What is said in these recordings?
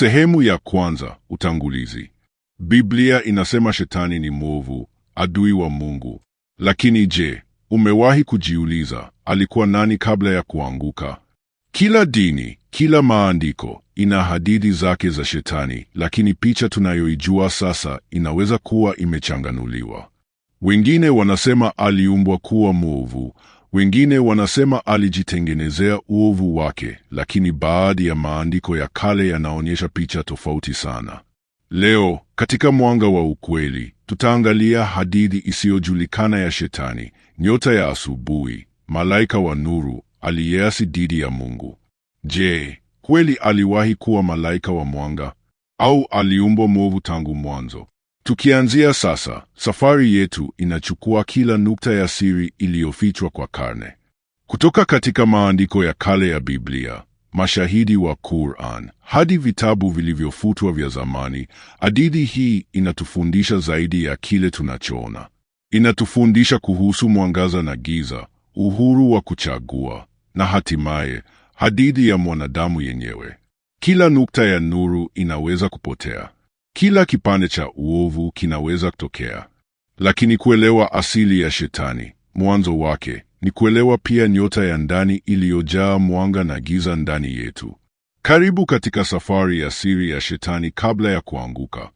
Sehemu ya kwanza: utangulizi. Biblia inasema shetani ni mwovu, adui wa Mungu. Lakini je, umewahi kujiuliza alikuwa nani kabla ya kuanguka? Kila dini, kila maandiko ina hadithi zake za shetani, lakini picha tunayoijua sasa inaweza kuwa imechanganuliwa. Wengine wanasema aliumbwa kuwa mwovu, wengine wanasema alijitengenezea uovu wake, lakini baadhi ya maandiko ya kale yanaonyesha picha tofauti sana. Leo katika Mwanga wa Ukweli tutaangalia hadithi isiyojulikana ya Shetani, nyota ya asubuhi, malaika wa nuru aliyeasi dhidi ya Mungu. Je, kweli aliwahi kuwa malaika wa mwanga au aliumbwa mwovu tangu mwanzo? Tukianzia sasa, safari yetu inachukua kila nukta ya siri iliyofichwa kwa karne, kutoka katika maandiko ya kale ya Biblia, mashahidi wa Qur'an, hadi vitabu vilivyofutwa vya zamani. Hadithi hii inatufundisha zaidi ya kile tunachoona. Inatufundisha kuhusu mwangaza na giza, uhuru wa kuchagua, na hatimaye hadithi ya mwanadamu yenyewe. Kila nukta ya nuru inaweza kupotea kila kipande cha uovu kinaweza kutokea, lakini kuelewa asili ya shetani, mwanzo wake, ni kuelewa pia nyota ya ndani iliyojaa mwanga na giza ndani yetu. Karibu katika safari ya siri ya shetani kabla ya kuanguka.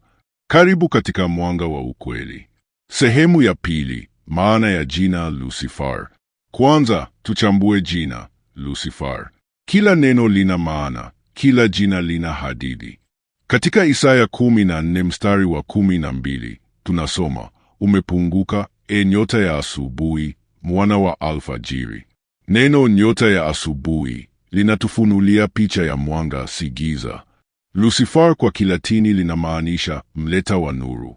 Karibu katika mwanga wa ukweli. Sehemu ya pili, maana ya jina Lucifer. Kwanza tuchambue jina Lucifer. Kila neno lina maana, kila jina lina hadithi. Katika Isaya 14 mstari wa 12 tunasoma umepunguka, e nyota ya asubuhi, mwana wa alfajiri. Neno nyota ya asubuhi linatufunulia picha ya mwanga, si giza. Lucifer kwa Kilatini linamaanisha mleta wa nuru,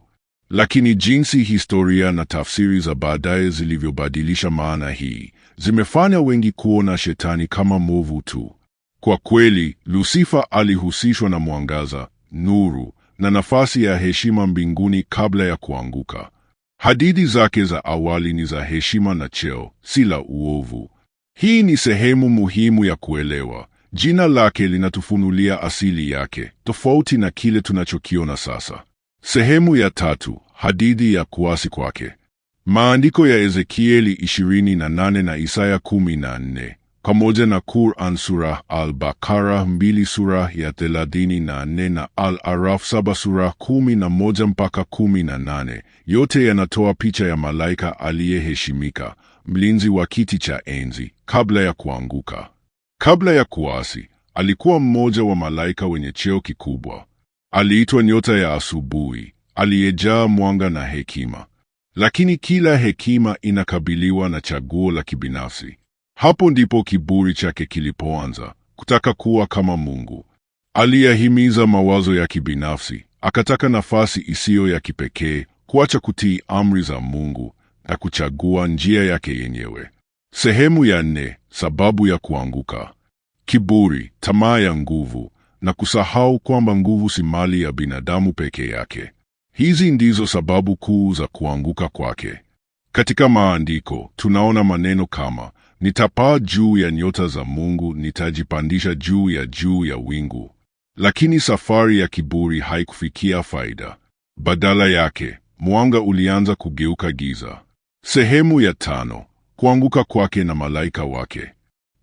lakini jinsi historia na tafsiri za baadaye zilivyobadilisha maana hii zimefanya wengi kuona shetani kama movu tu. Kwa kweli, Lucifer alihusishwa na mwangaza nuru na nafasi ya heshima mbinguni kabla ya kuanguka. Hadithi zake za awali ni za heshima na cheo, si la uovu. Hii ni sehemu muhimu ya kuelewa. Jina lake linatufunulia asili yake, tofauti na kile tunachokiona sasa. Sehemu ya tatu, hadithi ya kuasi kwake. Maandiko ya Ezekieli 28 na Isaya 14 pamoja na Quran sura Al-Bakara mbili sura ya thelathini na nne na Al-Araf saba sura kumi na moja mpaka kumi na nane yote yanatoa picha ya malaika aliyeheshimika, mlinzi wa kiti cha enzi kabla ya kuanguka. Kabla ya kuasi, alikuwa mmoja wa malaika wenye cheo kikubwa. Aliitwa nyota ya asubuhi, aliyejaa mwanga na hekima. Lakini kila hekima inakabiliwa na chaguo la kibinafsi. Hapo ndipo kiburi chake kilipoanza, kutaka kuwa kama Mungu. Aliyahimiza mawazo ya kibinafsi, akataka nafasi isiyo ya kipekee, kuacha kutii amri za Mungu na kuchagua njia yake yenyewe. Sehemu ya nne: sababu ya kuanguka. Kiburi, tamaa ya nguvu na kusahau kwamba nguvu si mali ya binadamu peke yake. Hizi ndizo sababu kuu za kuanguka kwake. Katika maandiko tunaona maneno kama Nitapaa juu ya nyota za Mungu, nitajipandisha juu ya juu ya wingu. Lakini safari ya kiburi haikufikia faida. Badala yake, mwanga ulianza kugeuka giza. Sehemu ya tano: kuanguka kwake na malaika wake.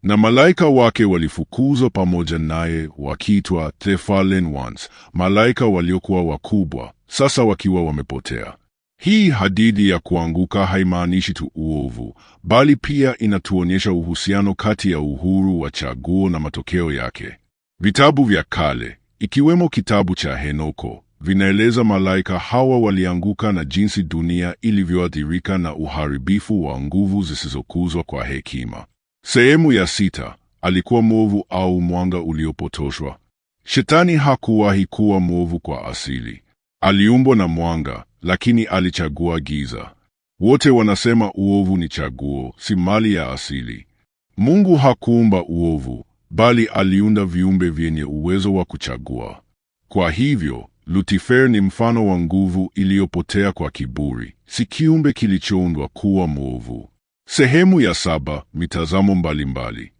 Na malaika wake walifukuzwa pamoja naye, wakiitwa the fallen ones, malaika waliokuwa wakubwa, sasa wakiwa wamepotea. Hii hadithi ya kuanguka haimaanishi tu uovu, bali pia inatuonyesha uhusiano kati ya uhuru wa chaguo na matokeo yake. Vitabu vya kale, ikiwemo kitabu cha Henoko, vinaeleza malaika hawa walianguka na jinsi dunia ilivyoathirika na uharibifu wa nguvu zisizokuzwa kwa hekima. Sehemu ya sita: alikuwa mwovu au mwanga uliopotoshwa. Shetani hakuwahi kuwa mwovu kwa asili, aliumbwa na mwanga lakini alichagua giza. Wote wanasema uovu ni chaguo, si mali ya asili. Mungu hakuumba uovu, bali aliunda viumbe vyenye uwezo wa kuchagua. Kwa hivyo, Lucifer ni mfano wa nguvu iliyopotea kwa kiburi, si kiumbe kilichoundwa kuwa mwovu. Sehemu ya saba: mitazamo mbalimbali.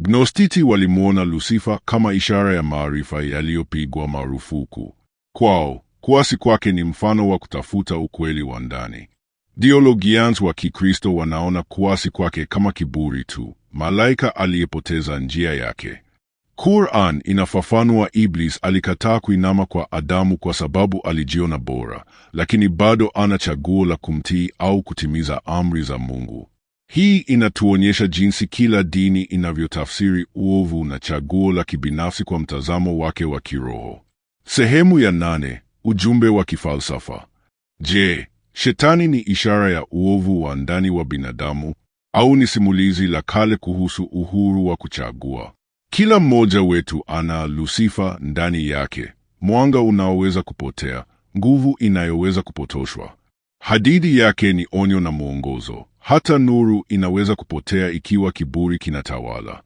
Gnostiti walimwona Lusifa kama ishara ya maarifa yaliyopigwa marufuku. Kwao Kuasi kwake ni mfano wa kutafuta ukweli wa ndani. Diologians wa Kikristo wanaona kuasi kwake kama kiburi tu, malaika aliyepoteza njia yake. Qur'an inafafanua Iblis alikataa kuinama kwa Adamu kwa sababu alijiona bora, lakini bado ana chaguo la kumtii au kutimiza amri za Mungu. Hii inatuonyesha jinsi kila dini inavyotafsiri uovu na chaguo la kibinafsi kwa mtazamo wake wa kiroho. Sehemu ya nane. Ujumbe wa kifalsafa. Je, shetani ni ishara ya uovu wa ndani wa binadamu au ni simulizi la kale kuhusu uhuru wa kuchagua? Kila mmoja wetu ana Lucifer ndani yake, mwanga unaoweza kupotea, nguvu inayoweza kupotoshwa. hadidi yake ni onyo na mwongozo. Hata nuru inaweza kupotea ikiwa kiburi kinatawala.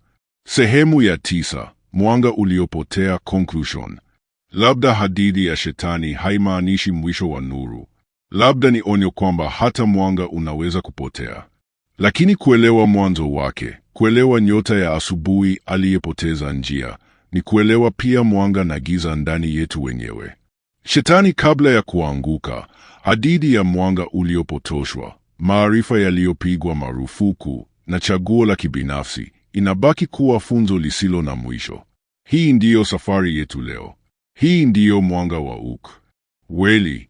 Sehemu ya tisa: mwanga uliopotea, conclusion. Labda hadithi ya shetani haimaanishi mwisho wa nuru. Labda ni onyo kwamba hata mwanga unaweza kupotea. Lakini kuelewa mwanzo wake, kuelewa nyota ya asubuhi aliyepoteza njia, ni kuelewa pia mwanga na giza ndani yetu wenyewe. Shetani kabla ya kuanguka, hadithi ya mwanga uliopotoshwa, maarifa yaliyopigwa marufuku na chaguo la kibinafsi inabaki kuwa funzo lisilo na mwisho. Hii ndiyo safari yetu leo. Hii ndiyo mwanga wa UK. weli.